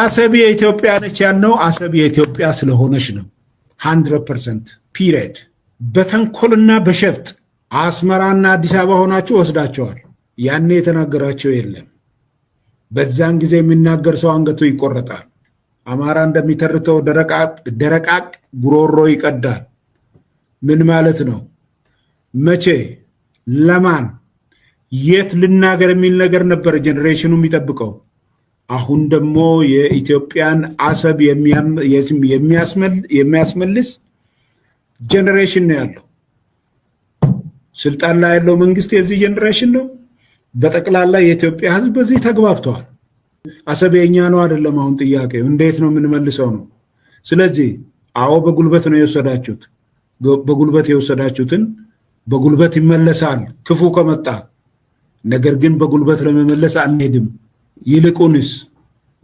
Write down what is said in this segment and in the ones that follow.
አሰብ የኢትዮጵያ ነች ያነው አሰብ የኢትዮጵያ ስለሆነች ነው። ሃንድረድ ፐርሰንት በተንኮልና በሸፍጥ አስመራና አዲስ አበባ ሆናችሁ ወስዳቸዋል። ያኔ የተናገራቸው የለም። በዛን ጊዜ የሚናገር ሰው አንገቱ ይቆረጣል። አማራ እንደሚተርተው ደረቃቅ ጉሮሮ ይቀዳል። ምን ማለት ነው? መቼ፣ ለማን፣ የት ልናገር የሚል ነገር ነበር ጄኔሬሽኑ የሚጠብቀው። አሁን ደግሞ የኢትዮጵያን አሰብ የሚያስመልስ ጀኔሬሽን ነው ያለው። ስልጣን ላይ ያለው መንግስት የዚህ ጀኔሬሽን ነው። በጠቅላላ የኢትዮጵያ ሕዝብ በዚህ ተግባብተዋል። አሰብ የእኛ ነው አይደለም። አሁን ጥያቄው እንዴት ነው የምንመልሰው ነው። ስለዚህ አዎ፣ በጉልበት ነው የወሰዳችሁት። በጉልበት የወሰዳችሁትን በጉልበት ይመለሳል ክፉ ከመጣ ነገር ግን በጉልበት ለመመለስ አንሄድም። ይልቁንስ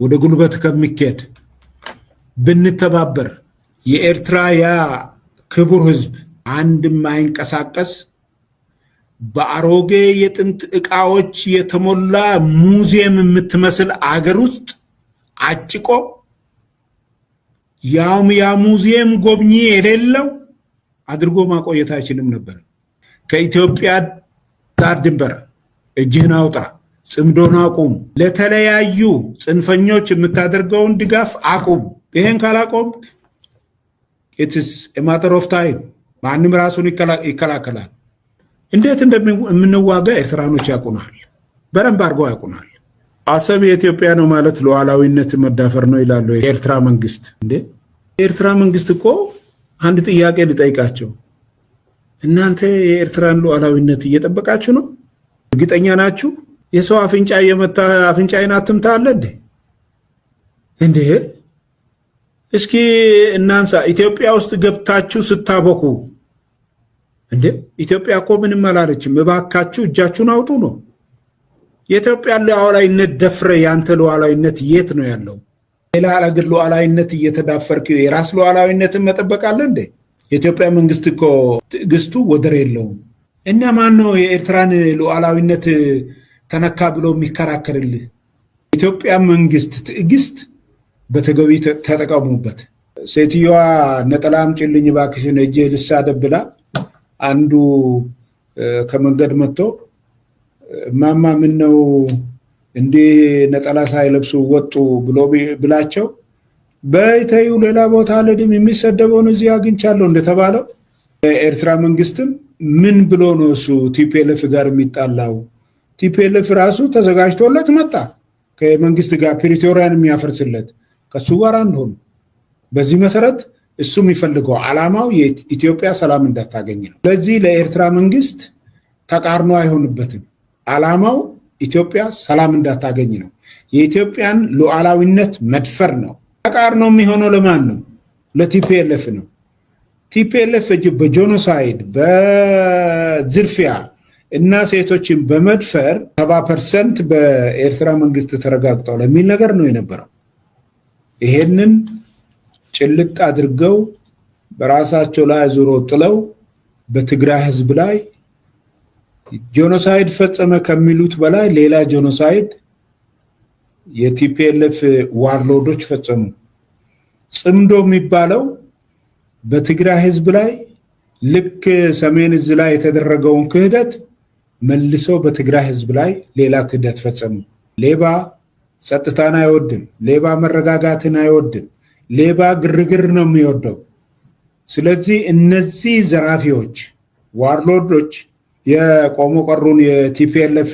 ወደ ጉልበት ከሚካሄድ ብንተባበር የኤርትራ ያ ክቡር ህዝብ አንድ አይንቀሳቀስ በአሮጌ የጥንት እቃዎች የተሞላ ሙዚየም የምትመስል አገር ውስጥ አጭቆ ያውም ያ ሙዚየም ጎብኚ የሌለው አድርጎ ማቆየት አይችልም ነበር። ከኢትዮጵያ ዳር ድንበር እጅህን አውጣ። ጽምዶን አቁም። ለተለያዩ ጽንፈኞች የምታደርገውን ድጋፍ አቁም። ይሄን ካላቆም ኢትስ ማተር ኦፍ ታይም ማንም ራሱን ይከላከላል። እንዴት እንደምንዋጋ ኤርትራኖች ያቁናል፣ በደንብ አድርገው ያቁናል። አሰብ የኢትዮጵያ ነው ማለት ሉዓላዊነት መዳፈር ነው ይላሉ የኤርትራ መንግስት። እንዴ የኤርትራ መንግስት እኮ አንድ ጥያቄ ልጠይቃቸው፣ እናንተ የኤርትራን ሉዓላዊነት እየጠበቃችሁ ነው? እርግጠኛ ናችሁ? የሰው አፍንጫ የመታ አፍንጫዬን አትምታ አለ እንዴ? እንዴ እስኪ እናንሳ። ኢትዮጵያ ውስጥ ገብታችሁ ስታበኩ እንዴ ኢትዮጵያ እኮ ምንም አላለችም። እባካችሁ እጃችሁን አውጡ ነው። የኢትዮጵያ ሉዓላዊነት ደፍረ ያንተ ሉዓላዊነት የት ነው ያለው? ሌላ አገር ሉዓላዊነት እየተዳፈርክ የራስ ሉዓላዊነትን መጠበቅ አለ እንዴ? የኢትዮጵያ መንግስት እኮ ትዕግስቱ ወደር የለውም። እና ማን ነው የኤርትራን ሉዓላዊነት ተነካ ብሎ የሚከራከርልህ ኢትዮጵያ መንግስት ትዕግስት በተገቢ ተጠቀሙበት። ሴትዮዋ ነጠላ አምጪልኝ እባክሽን እጄ ልሳደብ ብላ አንዱ ከመንገድ መጥቶ ማማ ምን ነው እንዲህ ነጠላ ሳይለብሱ ወጡ ብሎ ብላቸው በይተዩ ሌላ ቦታ አልሄድም የሚሰደበውን እዚህ አግኝቻለሁ እንደተባለው ኤርትራ መንግስትም ምን ብሎ ነው እሱ ቲፒኤልኤፍ ጋር የሚጣላው ቲፒኤልኤፍ ራሱ ተዘጋጅቶለት መጣ። ከመንግስት ጋር ፕሪቶሪያን የሚያፈርስለት ከሱ ጋር አንድ ሆኑ። በዚህ መሰረት እሱ የሚፈልገው ዓላማው የኢትዮጵያ ሰላም እንዳታገኝ ነው። ስለዚህ ለኤርትራ መንግስት ተቃርኖ አይሆንበትም። ዓላማው ኢትዮጵያ ሰላም እንዳታገኝ ነው። የኢትዮጵያን ሉዓላዊነት መድፈር ነው። ተቃርኖ የሚሆነው ለማን ነው? ለቲፒኤልኤፍ ነው። ቲፒኤልኤፍ በጆኖሳይድ በዝርፊያ እና ሴቶችን በመድፈር ሰባ ፐርሰንት በኤርትራ መንግስት ተረጋግጠዋል የሚል ነገር ነው የነበረው። ይሄንን ጭልጥ አድርገው በራሳቸው ላይ ዙሮ ጥለው በትግራይ ህዝብ ላይ ጄኖሳይድ ፈጸመ ከሚሉት በላይ ሌላ ጄኖሳይድ የቲፒኤልኤፍ ዋርሎዶች ፈጸሙ። ጽምዶ የሚባለው በትግራይ ህዝብ ላይ ልክ ሰሜን እዝ ላይ የተደረገውን ክህደት መልሰው በትግራይ ህዝብ ላይ ሌላ ክህደት ፈጸሙ። ሌባ ጸጥታን አይወድም። ሌባ መረጋጋትን አይወድም። ሌባ ግርግር ነው የሚወደው። ስለዚህ እነዚህ ዘራፊዎች፣ ዋርሎዶች የቆሞ ቀሩን የቲፒኤልኤፍ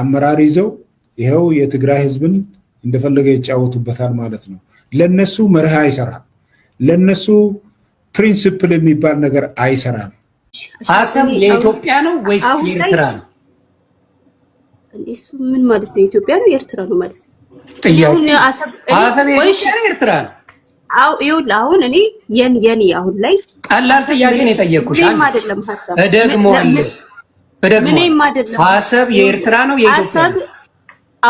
አመራር ይዘው ይኸው የትግራይ ህዝብን እንደፈለገ ይጫወቱበታል ማለት ነው። ለነሱ መርህ አይሰራም። ለነሱ ፕሪንስፕል የሚባል ነገር አይሰራም። አሰብ ለኢትዮጵያ ነው ወይስ ለኤርትራ ነው? እሱ ምን ማለት ነው? ኢትዮጵያ ነው ኤርትራ ነው ማለት ነው? ጥያቄ አሰብ ኤርትራ ነው? አው ይኸውልህ፣ አሁን እኔ አሁን ላይ ቀላል ጥያቄ ነው አይደለም ሐሳብ ምንም አይደለም ሐሳብ የኤርትራ ነው የኢትዮጵያ ነው።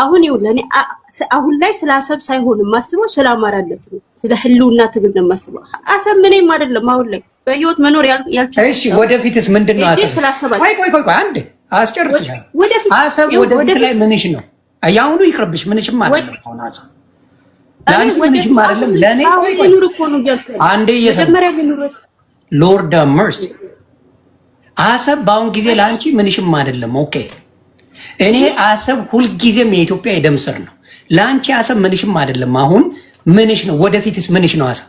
አሁን ይኸውልህ፣ እኔ አሁን ላይ ስለ አሰብ ሳይሆን የማስበው ስለ ነው፣ ስለ ህልውና ትግል ነው የማስበው። አሰብ ምንም አይደለም አሁን ላይ በህይወት መኖር ያልቻለ። እሺ ወደፊትስ ምንድን ነው? ቆይ ቆይ ቆይ አንዴ አስጨርስሻለሁ። አሰብ ወደፊት ላይ ምንሽ ነው? የአሁኑ ይቅርብሽ፣ ምንሽም አይደለም። አሁን አሰብ ምንሽም አይደለም። ለእኔ ቆይ ቆይ ሎርድ መርሲ አሰብ በአሁን ጊዜ ለአንቺ ምንሽም አይደለም። ኦኬ እኔ አሰብ ሁልጊዜም የኢትዮጵያ የደም ስር ነው። ለአንቺ አሰብ ምንሽም አይደለም። አሁን ምንሽ ነው? ወደፊትስ ምንሽ ነው አሰብ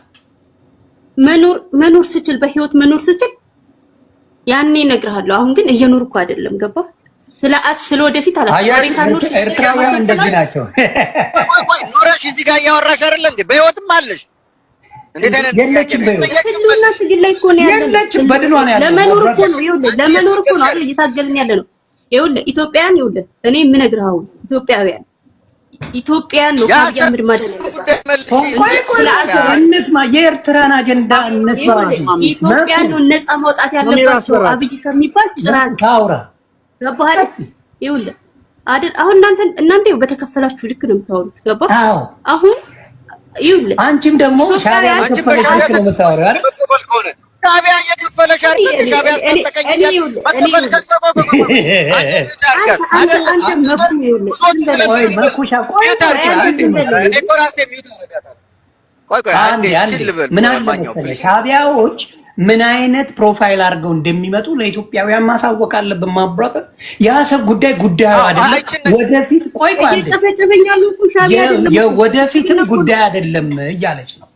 መኖር መኖር ስችል በህይወት መኖር ስችል ያኔ እነግርሃለሁ። አሁን ግን እኮ አይደለም። ገባ ስለ ስለ ወደፊት ኤርትራውያን እንደዚህ ናቸው። ኖረሽ እዚህ ጋር እያወራሽ አይደለ እንዴ? በህይወትም አለሽ ነው ለመኖር እኮ ነው እየታገልን ያለ ነው። ይኸውልህ ኢትዮጵያን፣ ይኸውልህ እኔ የምነግርህ አሁን ኢትዮጵያውያን ኢትዮጵያን ነው ነው እንስማ፣ የኤርትራን አጀንዳ እንስማ። ኢትዮጵያን ነፃ ማውጣት ያለባቸው አብይ ከሚባል ጭራቅ ገባህ ይኸውልህ አይደል? አሁን እናንተ እናንተ በተከፈላችሁ ልክ ነው የምታወሩት። ገባህ አሁን ይኸውልህ አንቺም ደግሞ ሻሪያ ተከፈለሽ ነው የምታወሪው አይደል? ሻዕቢያ ምን አይነት ፕሮፋይል አድርገው እንደሚመጡ ለኢትዮጵያውያን ማሳወቅ አለብን። ማብራት የአሰብ ጉዳይ ጉዳዩ አይደለም፣ ወደፊት ቆይ የወደፊትም ጉዳይ አይደለም እያለች ነው።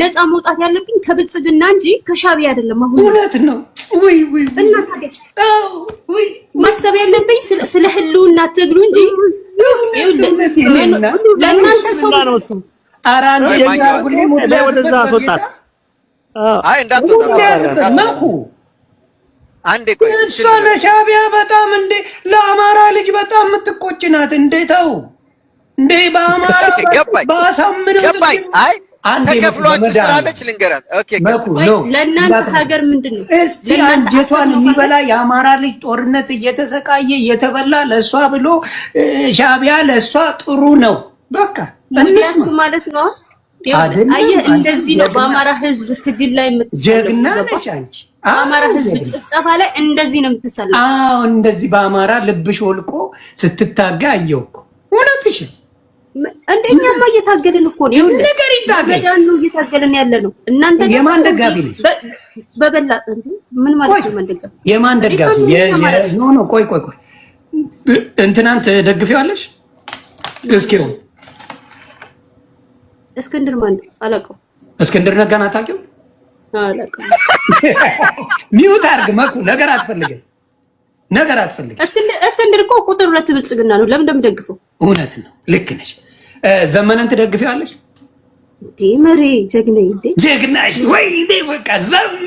ነፃ መውጣት ያለብኝ ከብልጽግና እንጂ ከሻዕቢያ አይደለም። አሁን እውነት ነው ወይ ወይ እና ታዲያ ማሰብ ያለብኝ ስለ ህልውና ትግሉ እንጂ ለእናንተ ሰው እሷ ለሻዕቢያ በጣም እንዴ ለአማራ ልጅ በጣም የምትቆጭ ናት። እንዴ ተው እንዴ በአማራ በአሳምነው ተከፍሏችሁ ስላለች ልንገራት። ለእናንተ ሀገር ምንድን ነው እስቲ አንጀቷን የሚበላ የአማራ ልጅ ጦርነት እየተሰቃየ እየተበላ ለእሷ ብሎ ሻቢያ ለእሷ ጥሩ ነው በቃ እንስማ ማለት ነው። አየህ እንደዚህ ነው በአማራ ህዝብ ትግል ላይ ጀግና ነሽ አንቺ። በአማራ ህዝብ ጭፍጨፋ ላይ እንደዚህ ነው የምትሰላ። አዎ እንደዚህ በአማራ ልብሽ ወልቆ ስትታጋ አየሁ እኮ እውነትሽን እንደኛማ እየታገልን እኮ ነው። ነገር ይታገል ነው እየታገልን ያለ ነው። እናንተ የማን ደጋፊ ነው? በበላ ምን ማለት ነው? መንደጋ የማን ደጋፊ ነው? ኖ፣ ቆይ ቆይ ቆይ፣ እንትናን ትደግፊዋለሽ? እስኪ ነው እስክንድር ማን አላውቀው። እስክንድር ነጋን አታውቂው? አላውቀው። ሚውት አድርግ መኩ። ነገር አትፈልግም፣ ነገር አትፈልግም። እስክንድር እኮ ቁጥር ሁለት ብልጽግና ነው። ለምን እንደምደግፈው እውነት ነው። ልክ ነሽ። ዘመነን ትደግፊዋለሽ? ዲመሪ ጀግና ጀግናሽ ወይ ዴ በቃ ዘሜ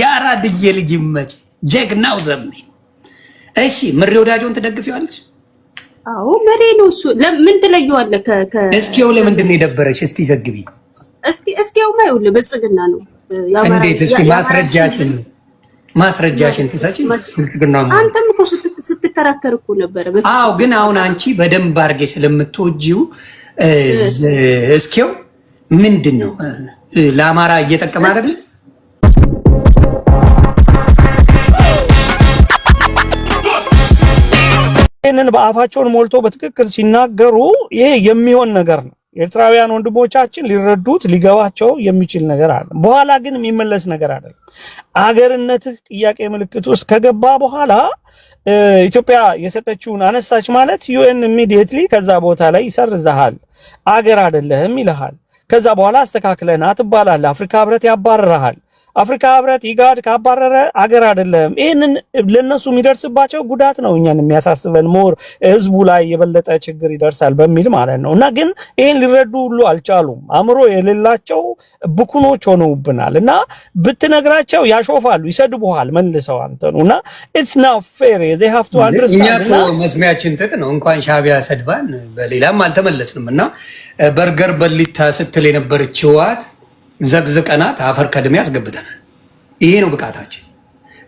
የአራድዬ ልጅ ይመጭ ጀግናው ዘሜ። እሺ ምሬ ወዳጆን ትደግፊዋለሽ? አዎ መሬ ነው እሱ። ምን ትለየዋለህ? እስኪው ለምንድን ነው የደበረሽ? እስቲ ዘግቢ እስቲ እስቲ ያው ይኸውልህ፣ ለብልጽግና ነው እንዴት? እስቲ ማስረጃሽን ማስረጃሽን ትሰጪ ብልጽግና ነው። አንተም እኮ ስትከራከር እኮ ነበረ። አዎ ግን አሁን አንቺ በደንብ አድርጌ ስለምትወጂው እስኪው ምንድን ነው ለአማራ እየጠቀመ አይደል? ይህንን በአፋቸውን ሞልቶ በትክክል ሲናገሩ ይሄ የሚሆን ነገር ነው። ኤርትራውያን ወንድሞቻችን ሊረዱት ሊገባቸው የሚችል ነገር አለ። በኋላ ግን የሚመለስ ነገር አይደለም። አገርነትህ ጥያቄ ምልክት ውስጥ ከገባ በኋላ ኢትዮጵያ የሰጠችውን አነሳች ማለት ዩኤን ኢሚዲየትሊ ከዛ ቦታ ላይ ይሰርዝሃል፣ አገር አይደለህም ይልሃል። ከዛ በኋላ አስተካክለና ትባላለህ። አፍሪካ ህብረት ያባርርሃል። አፍሪካ ህብረት ኢጋድ ካባረረ አገር አይደለም። ይህንን ለነሱ የሚደርስባቸው ጉዳት ነው እኛን የሚያሳስበን ሞር ህዝቡ ላይ የበለጠ ችግር ይደርሳል በሚል ማለት ነው። እና ግን ይህን ሊረዱ ሁሉ አልቻሉም። አእምሮ የሌላቸው ብኩኖች ሆነውብናል። እና ብትነግራቸው ያሾፋሉ፣ ይሰድቡሃል መልሰው አንተኑ እና ኢትስ ና ፌር ዜይ ሀቭ ቱ አንደርስታንድ። እኛ እኮ መስሚያችን ጥጥ ነው። እንኳን ሻዕቢያ ሰድባን በሌላም አልተመለስንም። እና በርገር በሊታ ስትል የነበረችዋት ዘቅዝቀናት አፈር ከድሜ ያስገብተናል። ይሄ ነው ብቃታችን።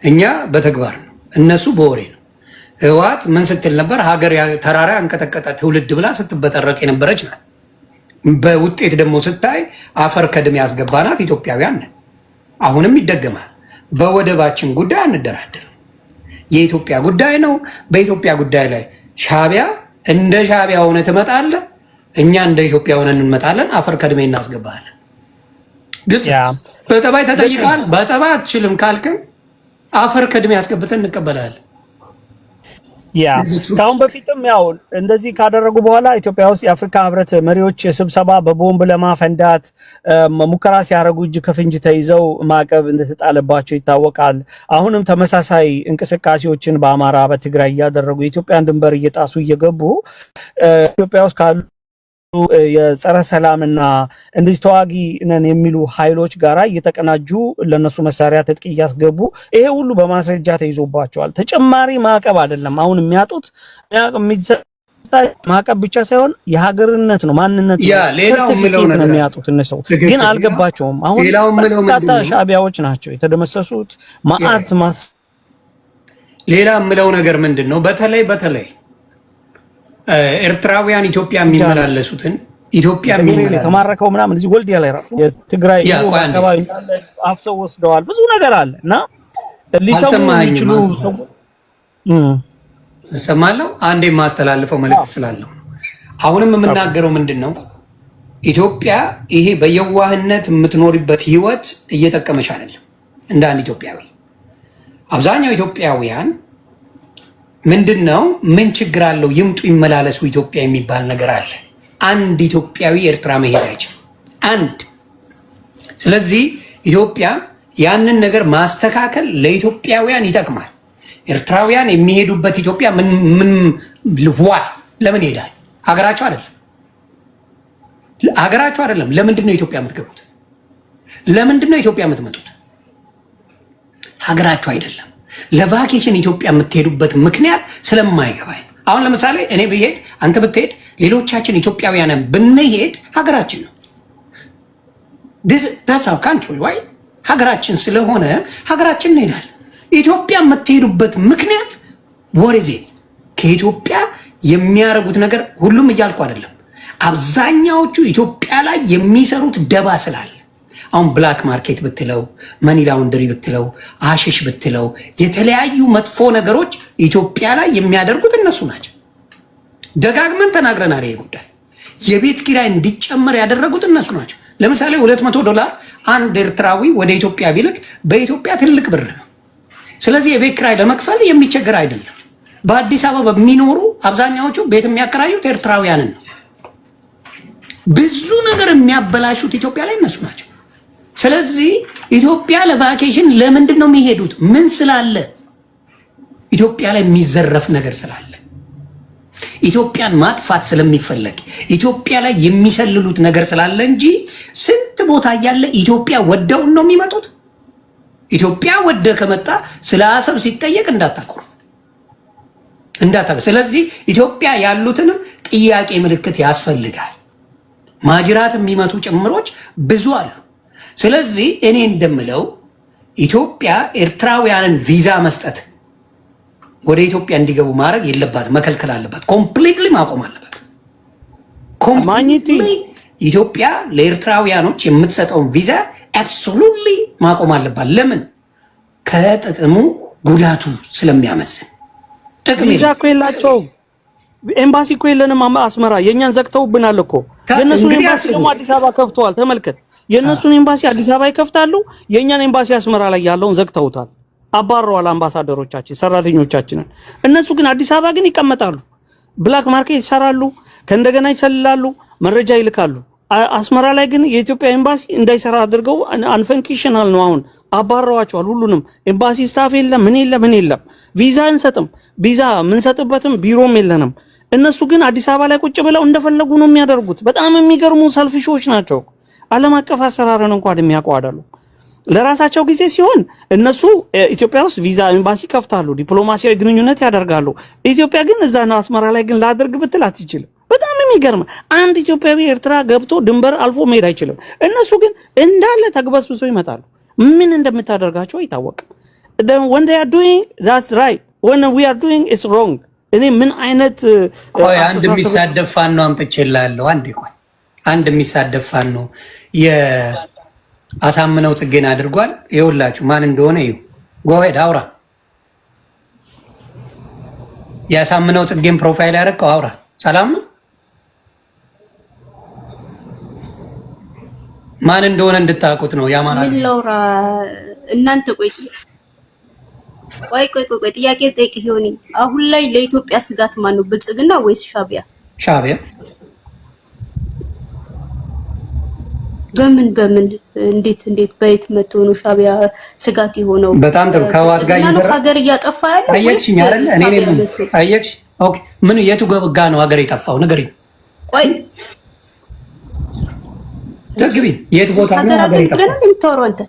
እኛ በተግባር ነው፣ እነሱ በወሬ ነው። ህወሓት ምን ስትል ነበር? ሀገር ተራራ ያንቀጠቀጠ ትውልድ ብላ ስትበጠረቅ የነበረች ናት። በውጤት ደግሞ ስታይ አፈር ከድሜ ያስገባናት ኢትዮጵያውያን ነን። አሁንም ይደገማል። በወደባችን ጉዳይ አንደራደርም። የኢትዮጵያ ጉዳይ ነው። በኢትዮጵያ ጉዳይ ላይ ሻቢያ እንደ ሻቢያ ሆነ ትመጣለህ፣ እኛ እንደ ኢትዮጵያ ሆነ እንመጣለን። አፈር ከድሜ እናስገባለን። ግልጽ በጸባይ ተጠይቃል። በጸባይ አትችልም ካልክን አፈር ከድሜ ያስገብተን እንቀበላለን። ያ ከአሁን በፊትም ያው እንደዚህ ካደረጉ በኋላ ኢትዮጵያ ውስጥ የአፍሪካ ህብረት መሪዎች ስብሰባ በቦምብ ለማፈንዳት ሙከራ ሲያደርጉ እጅ ከፍንጅ ተይዘው ማዕቀብ እንደተጣለባቸው ይታወቃል። አሁንም ተመሳሳይ እንቅስቃሴዎችን በአማራ፣ በትግራይ እያደረጉ የኢትዮጵያን ድንበር እየጣሱ እየገቡ ኢትዮጵያ ውስጥ ካሉ የጸረ ሰላምና እንደዚህ ተዋጊ ነን የሚሉ ኃይሎች ጋራ እየተቀናጁ ለነሱ መሳሪያ ትጥቅ እያስገቡ ይሄ ሁሉ በማስረጃ ተይዞባቸዋል። ተጨማሪ ማዕቀብ አይደለም አሁን የሚያጡት ማዕቀብ ብቻ ሳይሆን የሀገርነት ነው ማንነት ሰርቲፊኬት ነው የሚያጡት። እነሱ ግን አልገባቸውም። አሁን በርካታ ሻዕቢያዎች ናቸው የተደመሰሱት። ማአት ማስ ሌላ የምለው ነገር ምንድን ነው? በተለይ በተለይ ኤርትራውያን ኢትዮጵያ የሚመላለሱትን ኢትዮጵያ የተማረከው ምናምን እዚህ ወልዲያ ላይ ራሱ የትግራይ አካባቢ አፍሰው ወስደዋል። ብዙ ነገር አለ እና ሊሰሙ የሚችሉ እሰማለሁ። አንዴ የማስተላልፈው መልዕክት ስላለው አሁንም የምናገረው ምንድን ነው ኢትዮጵያ ይሄ በየዋህነት የምትኖሪበት ህይወት እየጠቀመች አይደለም። እንደ አንድ ኢትዮጵያዊ አብዛኛው ኢትዮጵያውያን ምንድን ነው ምን ችግር አለው? ይምጡ ይመላለሱ ኢትዮጵያ የሚባል ነገር አለ። አንድ ኢትዮጵያዊ ኤርትራ መሄድ አይችልም። አንድ ስለዚህ ኢትዮጵያ ያንን ነገር ማስተካከል ለኢትዮጵያውያን ይጠቅማል። ኤርትራውያን የሚሄዱበት ኢትዮጵያ ምን ልዋ ለምን ይሄዳል? ሀገራቸው አይደለም፣ ሀገራቸው አይደለም። ለምንድን ነው ኢትዮጵያ የምትገቡት? ለምንድን ነው ኢትዮጵያ የምትመጡት? ሀገራቸው አይደለም። ለቫኬሽን ኢትዮጵያ የምትሄዱበት ምክንያት ስለማይገባኝ አሁን ለምሳሌ እኔ ብሄድ፣ አንተ ብትሄድ፣ ሌሎቻችን ኢትዮጵያውያንን ብንሄድ ሀገራችን ነው ዳሳብ ካንትሪ ዋይ ሀገራችን ስለሆነ ሀገራችን እንሄዳለን። ኢትዮጵያ የምትሄዱበት ምክንያት ወሬዜ ከኢትዮጵያ የሚያደርጉት ነገር ሁሉም እያልኩ አይደለም። አብዛኛዎቹ ኢትዮጵያ ላይ የሚሰሩት ደባ ስላለ አሁን ብላክ ማርኬት ብትለው መኒ ላውንደሪ ብትለው አሽሽ ብትለው የተለያዩ መጥፎ ነገሮች ኢትዮጵያ ላይ የሚያደርጉት እነሱ ናቸው። ደጋግመን ተናግረናል። ይሄ ጉዳይ የቤት ኪራይ እንዲጨመር ያደረጉት እነሱ ናቸው። ለምሳሌ 200 ዶላር አንድ ኤርትራዊ ወደ ኢትዮጵያ ቢልክ በኢትዮጵያ ትልቅ ብር ነው። ስለዚህ የቤት ኪራይ ለመክፈል የሚቸገር አይደለም። በአዲስ አበባ የሚኖሩ አብዛኛዎቹ ቤት የሚያከራዩት ኤርትራውያንን ነው። ብዙ ነገር የሚያበላሹት ኢትዮጵያ ላይ እነሱ ናቸው። ስለዚህ ኢትዮጵያ ለቫኬሽን ለምንድን ነው የሚሄዱት? ምን ስላለ? ኢትዮጵያ ላይ የሚዘረፍ ነገር ስላለ፣ ኢትዮጵያን ማጥፋት ስለሚፈለግ፣ ኢትዮጵያ ላይ የሚሰልሉት ነገር ስላለ እንጂ ስንት ቦታ እያለ ኢትዮጵያ ወደውን ነው የሚመጡት። ኢትዮጵያ ወደ ከመጣ ስለ አሰብ ሲጠየቅ እንዳታኮርፍ እንዳታ። ስለዚህ ኢትዮጵያ ያሉትንም ጥያቄ ምልክት ያስፈልጋል። ማጅራት የሚመቱ ጭምሮች ብዙ አሉ። ስለዚህ እኔ እንደምለው ኢትዮጵያ ኤርትራውያንን ቪዛ መስጠት ወደ ኢትዮጵያ እንዲገቡ ማድረግ የለባት፣ መከልከል አለባት፣ ኮምፕሊትሊ ማቆም አለባት። ኢትዮጵያ ለኤርትራውያኖች የምትሰጠውን ቪዛ አብሶሉትሊ ማቆም አለባት። ለምን? ከጥቅሙ ጉዳቱ ስለሚያመዝን። ጥቅም ቪዛ እኮ የላቸውም። ኤምባሲ እኮ የለንም አስመራ። የእኛን ዘግተውብናል እኮ የእነሱን ኤምባሲ ደግሞ አዲስ አበባ ከፍተዋል። ተመልከት የእነሱን ኤምባሲ አዲስ አበባ ይከፍታሉ። የእኛን ኤምባሲ አስመራ ላይ ያለውን ዘግተውታል፣ አባረዋል አምባሳደሮቻችን፣ ሰራተኞቻችንን። እነሱ ግን አዲስ አበባ ግን ይቀመጣሉ፣ ብላክ ማርኬት ይሰራሉ፣ ከእንደገና ይሰልላሉ፣ መረጃ ይልካሉ። አስመራ ላይ ግን የኢትዮጵያ ኤምባሲ እንዳይሰራ አድርገው አንፈንክሽናል ነው። አሁን አባረዋቸዋል ሁሉንም። ኤምባሲ ስታፍ የለም፣ ምን የለም፣ ምን የለም። ቪዛ እንሰጥም ቪዛ የምንሰጥበትም ቢሮም የለንም። እነሱ ግን አዲስ አበባ ላይ ቁጭ ብለው እንደፈለጉ ነው የሚያደርጉት። በጣም የሚገርሙ ሰልፊሾች ናቸው። ዓለም አቀፍ አሰራርን እንኳን የሚያውቀው አይደሉ። ለራሳቸው ጊዜ ሲሆን እነሱ ኢትዮጵያ ውስጥ ቪዛ ኤምባሲ ይከፍታሉ፣ ዲፕሎማሲያዊ ግንኙነት ያደርጋሉ። ኢትዮጵያ ግን እዛ ነው አስመራ ላይ ግን ላድርግ ብትል አትችልም። በጣም የሚገርም አንድ ኢትዮጵያዊ ኤርትራ ገብቶ ድንበር አልፎ መሄድ አይችልም። እነሱ ግን እንዳለ ተግበስብሶ ይመጣሉ። ምን እንደምታደርጋቸው አይታወቅም። ወን ዴይ አር ዱይንግ ዛትስ ራይት ወን ዊ አር ዱይንግ ኢትስ ሮንግ እኔ ምን አይነት አንድ የሚሳደብ ፋኖ አምጥቼላለሁ። አንዴ ቆይ አንድ የሚሳደብ ፋኖ የአሳምነው ጽጌን አድርጓል። የውላችሁ ማን እንደሆነ ይሁ ጎበድ አውራ የአሳምነው ጽጌን ፕሮፋይል ያደረገው አውራ ሰላም ነው። ማን እንደሆነ እንድታውቁት ነው። ያማራ ላውራ እናንተ ቆይ ቆይ ቆይ ቆይ ጥያቄ ጠይቅ ይሆን አሁን ላይ ለኢትዮጵያ ስጋት ማን ነው? ብልጽግና ወይስ ሻቢያ? ሻቢያ በምን በምን እንዴት እንዴት በየት መጥቶ ነው ሻዕቢያ ስጋት የሆነው? በጣም ጥሩ ከህወሓት ጋር ይደረግ ሀገር እያጠፋ ያለ አየክሽኝ አይደል? እኔ ነኝ አየክሽ። ኦኬ ምን የቱ ጋ ነው ሀገር የጠፋው? ንገሪኝ። ቆይ ዘግቢ። የት ቦታ ነው ሀገር የጠፋው? የምታወራው አንተ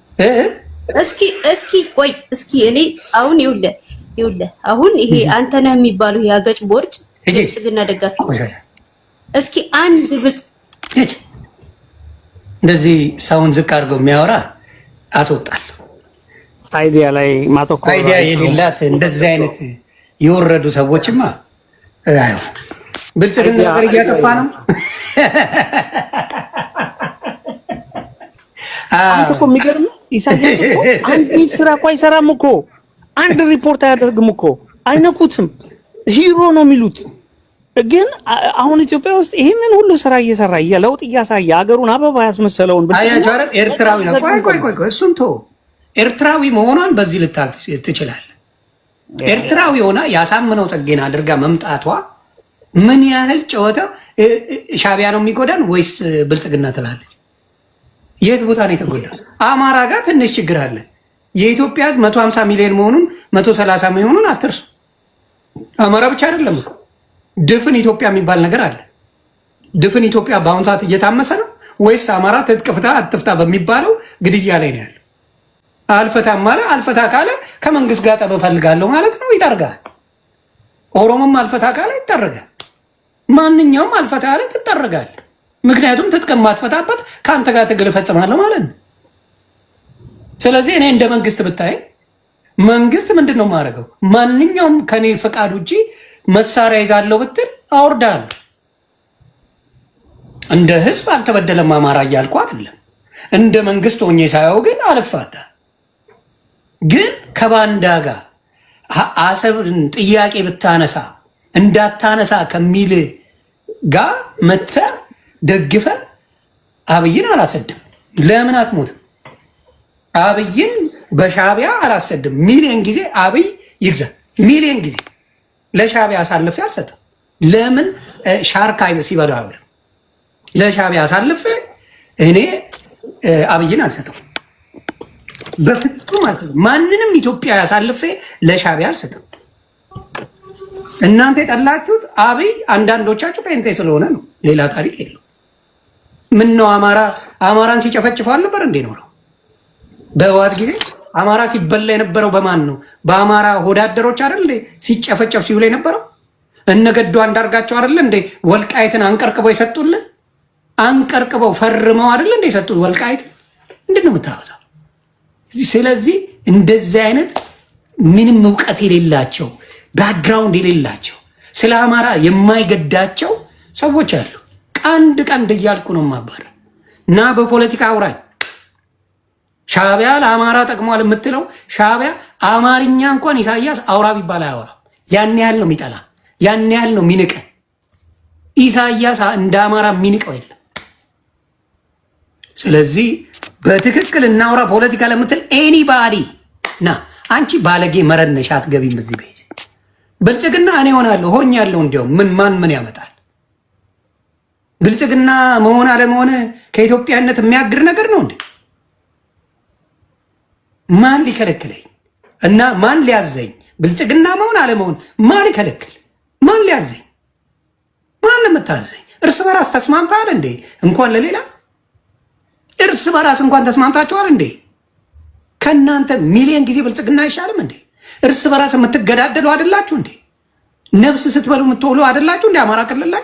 እስኪ እስኪ ቆይ እስኪ እኔ አሁን ይኸውልህ ይኸውልህ አሁን ይሄ አንተ ነህ የሚባለው የአገጭ ቦርድ ብልጽግና ደጋፊ እስኪ አንድ ብልጽ እንደዚህ ሰውን ዝቅ አድርገው የሚያወራ አስወጣል። አይዲያ ላይ ማተኮር አይዲያ የሌላት እንደዚህ አይነት የወረዱ ሰዎችማ አይሆን ብልጽግና ነገር እያጠፋ ነው። አንተ እኮ የሚገርምህ ኢሳያስ እኮ ስራ እኮ አይሰራም እኮ አንድ ሪፖርት አያደርግም እኮ አይነኩትም። ሂሮ ነው የሚሉት ግን አሁን ኢትዮጵያ ውስጥ ይህንን ሁሉ ስራ እየሰራ ለውጥ እያሳየ ሀገሩን አበባ ያስመሰለውን ኤርትራዊ ነው። ቆይ ቆይ ቆይ፣ እሱም ቶ ኤርትራዊ መሆኗን በዚህ ልታክ ትችላል። ኤርትራዊ ሆና ያሳምነው ጽጌን አድርጋ መምጣቷ ምን ያህል ጨወታ ሻቢያ ነው የሚጎዳን ወይስ ብልጽግና ትላለች? የት ቦታ ነው የተጎዳ? አማራ ጋር ትንሽ ችግር አለ። የኢትዮጵያ 150 ሚሊዮን መሆኑን 130 መሆኑን አትርሱ። አማራ ብቻ አይደለም ድፍን ኢትዮጵያ የሚባል ነገር አለ። ድፍን ኢትዮጵያ በአሁኑ ሰዓት እየታመሰ ነው ወይስ አማራ ትጥቅ ፍታ አትፍታ በሚባለው ግድያ ላይ ነው ያለው? አልፈታም አለ። አልፈታ ካለ ከመንግስት ጋር ጸብ እፈልጋለሁ ማለት ነው፣ ይጠርጋል። ኦሮሞም አልፈታ ካለ ይጠረጋል ማንኛውም አልፈታ ካለ ትጠረጋል? ምክንያቱም ትጥቅ የማትፈታበት ከአንተ ጋር ትግል እፈጽማለሁ ማለት ነው። ስለዚህ እኔ እንደ መንግስት ብታይ መንግስት ምንድን ነው የማደርገው? ማንኛውም ከኔ ፈቃድ ውጭ መሳሪያ ይዛለው ብትል አውርዳል። እንደ ህዝብ አልተበደለም አማራ እያልኩ አይደለም። እንደ መንግስት ሆኜ ሳየው ግን አልፋታ። ግን ከባንዳ ጋር አሰብን ጥያቄ ብታነሳ እንዳታነሳ ከሚል ጋር መተ ደግፈ አብይን አላሰድም። ለምን አትሞትም? አብይን በሻቢያ አላሰድም። ሚሊዮን ጊዜ አብይ ይግዛ ሚሊዮን ጊዜ ለሻዕቢያ አሳልፌ አልሰጥም። ለምን ሻርክ አይነ ሲበላ ለሻዕቢያ አሳልፌ እኔ አብይን አልሰጠው፣ በፍጹም አልሰጠው። ማንንም ኢትዮጵያ አሳልፌ ለሻዕቢያ አልሰጥም። እናንተ የጠላችሁት አብይ አንዳንዶቻችሁ ጴንጤ ስለሆነ ነው። ሌላ ታሪክ የለው። ምን ነው አማራ አማራን ሲጨፈጭፈው አልነበር እንዴ ኖረው በህወሓት ጊዜ አማራ ሲበላ የነበረው በማን ነው? በአማራ ወዳደሮች አይደል? ሲጨፈጨፍ ሲውል የነበረው እነገዱ አንዳርጋቸው አይደል እንዴ? ወልቃይትን አንቀርቅበው የሰጡልን አንቀርቅበው ፈርመው አይደል እንዴ የሰጡት ወልቃይት ምንድን ነው የምታወዛው? ስለዚህ እንደዚህ አይነት ምንም እውቀት የሌላቸው ባክግራውንድ የሌላቸው ስለ አማራ የማይገዳቸው ሰዎች አሉ። ቀንድ ቀንድ እያልኩ ነው ማባረ እና በፖለቲካ አውራኝ ሻቢያ ለአማራ ጠቅሟል የምትለው ሻቢያ አማርኛ እንኳን ኢሳያስ አውራ ቢባል አያወራም። ያን ያህል ነው የሚጠላ፣ ያን ያህል ነው የሚንቀ። ኢሳያስ እንደ አማራ የሚንቀው የለም። ስለዚህ በትክክል እናውራ ፖለቲካ ለምትል ኤኒባዲ ና አንቺ ባለጌ መረነሻ አትገቢም እዚህ ቤት። ብልጽግና እኔ ሆናለሁ ሆኛለሁ። እንዲያውም ምን ማን ምን ያመጣል ብልጽግና መሆን አለመሆን ከኢትዮጵያነት የሚያግር ነገር ነው እንዴ? ማን ሊከለክለኝ እና ማን ሊያዘኝ ብልጽግና መሆን አለመሆን ማን ይከለክል? ማን ሊያዘኝ ማን ለምታዘኝ እርስ በራስ ተስማምተሃል እንዴ እንኳን ለሌላ እርስ በራስ እንኳን ተስማምታችኋል እንዴ ከእናንተ ሚሊየን ጊዜ ብልጽግና አይሻልም እንዴ እርስ በራስ የምትገዳደሉ አይደላችሁ እንዴ ነፍስ ስትበሉ የምትውሉ አይደላችሁ እንዴ አማራ ክልል ላይ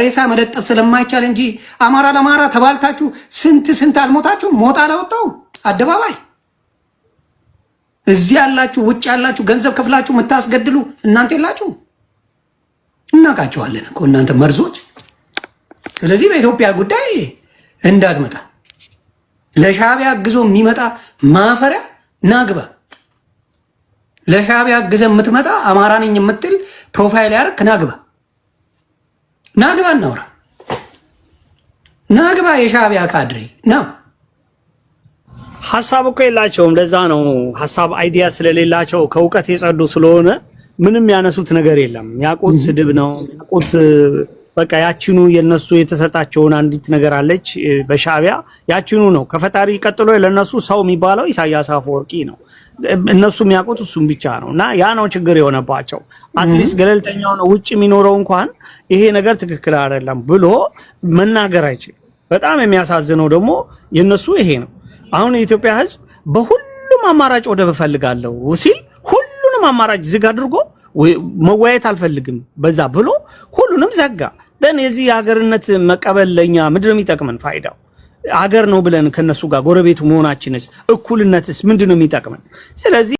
ሬሳ መለጠፍ ስለማይቻል እንጂ አማራ ለአማራ ተባልታችሁ ስንት ስንት አልሞታችሁ ሞት አላወጣው አደባባይ እዚህ ያላችሁ ውጭ ያላችሁ ገንዘብ ከፍላችሁ የምታስገድሉ እናንተ የላችሁ? እናውቃቸዋለን እኮ እናንተ መርዞች። ስለዚህ በኢትዮጵያ ጉዳይ እንዳትመጣ። ለሻቢያ አግዞ የሚመጣ ማፈሪያ ናግባ። ለሻቢያ አግዘ የምትመጣ አማራ ነኝ የምትል ፕሮፋይል ያደርግ ናግባ፣ ናግባ፣ እናውራ፣ ናግባ። የሻቢያ ካድሬ ነው። ሀሳብ እኮ የላቸውም። ለዛ ነው ሀሳብ አይዲያ ስለሌላቸው ከእውቀት የጸዱ ስለሆነ ምንም ያነሱት ነገር የለም። ያቁት ስድብ ነው ያቁት በቃ ያችኑ የነሱ የተሰጣቸውን አንዲት ነገር አለች በሻቢያ ያችኑ ነው። ከፈጣሪ ቀጥሎ ለነሱ ሰው የሚባለው ኢሳያስ አፈወርቂ ነው። እነሱ የሚያውቁት እሱም ብቻ ነው። እና ያ ነው ችግር የሆነባቸው። አትሊስት ገለልተኛው ነው ውጭ የሚኖረው እንኳን ይሄ ነገር ትክክል አይደለም ብሎ መናገር አይችልም። በጣም የሚያሳዝነው ደግሞ የነሱ ይሄ ነው። አሁን የኢትዮጵያ ህዝብ በሁሉም አማራጭ ወደብ እፈልጋለሁ ሲል ሁሉንም አማራጭ ዝግ አድርጎ መወያየት አልፈልግም በዛ ብሎ ሁሉንም ዘጋ። ደን የዚህ የሀገርነት መቀበል ለእኛ ምንድን ነው የሚጠቅመን? ፋይዳው ሀገር ነው ብለን ከነሱ ጋር ጎረቤቱ መሆናችንስ እኩልነትስ ምንድን ነው የሚጠቅመን? ስለዚህ